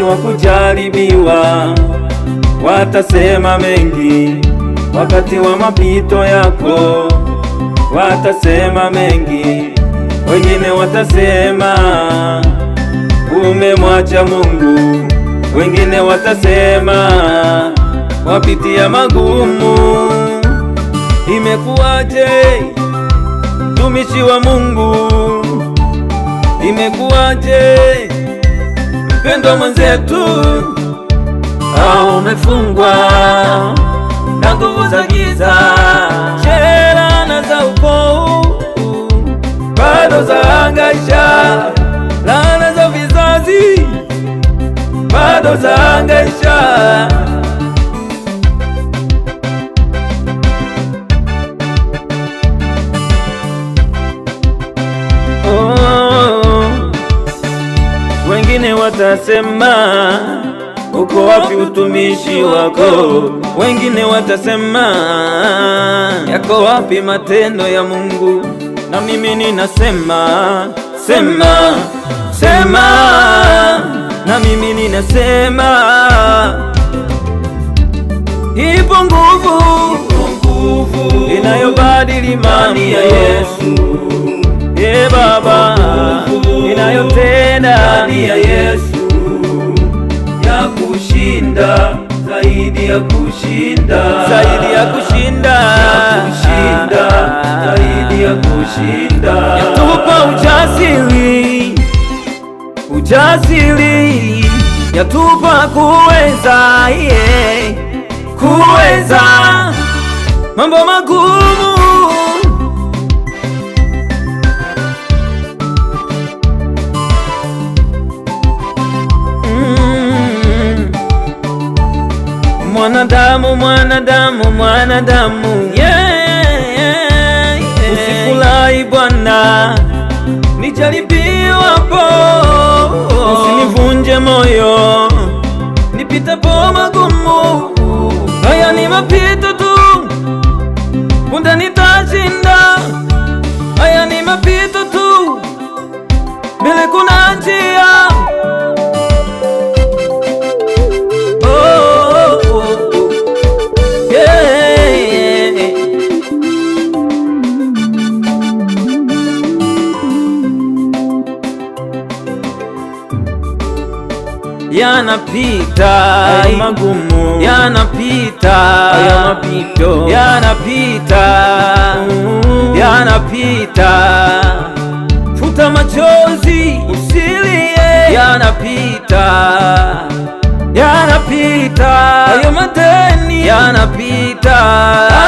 wakati wa kujaribiwa watasema mengi, wakati wa mapito yako watasema mengi, wengine watasema umemwacha Mungu, wengine watasema wapitia magumu. Imekuwaje mtumishi wa Mungu? Imekuwaje? mpendwa mwenzetu, au umefungwa na nguvu za giza, sherana za ukoo bado zaangaisha, laana za vizazi bado zaangaisha Wengine watasema uko wapi utumishi wako? Wengine watasema yako wapi matendo ya Mungu? Na mimi ninasema sema sema, na mimi ninasema ipo nguvu inayobadili imani ya Yesu. Ye ee Baba zaidi ya kushinda, zaidi ya kushinda, zaidi ya kushinda. Yatupa ujasiri, ujasiri, yatupa kuweza, yeah, kuweza mambo magumu mwanadamu, mwanadamu, yeah, yeah, yeah. Usikulahi Bwana, nijaribiwa po, usinivunje moyo nipitapo magumu. Haya ni mapito tu, punde nitashinda. Haya ni mapito tu, mbele kuna njia yanapita, ay magumu yanapita, ay mapito yanapita, mm-hmm. yanapita. Futa machozi usilie, yanapita, yanapita, ayo madeni yanapita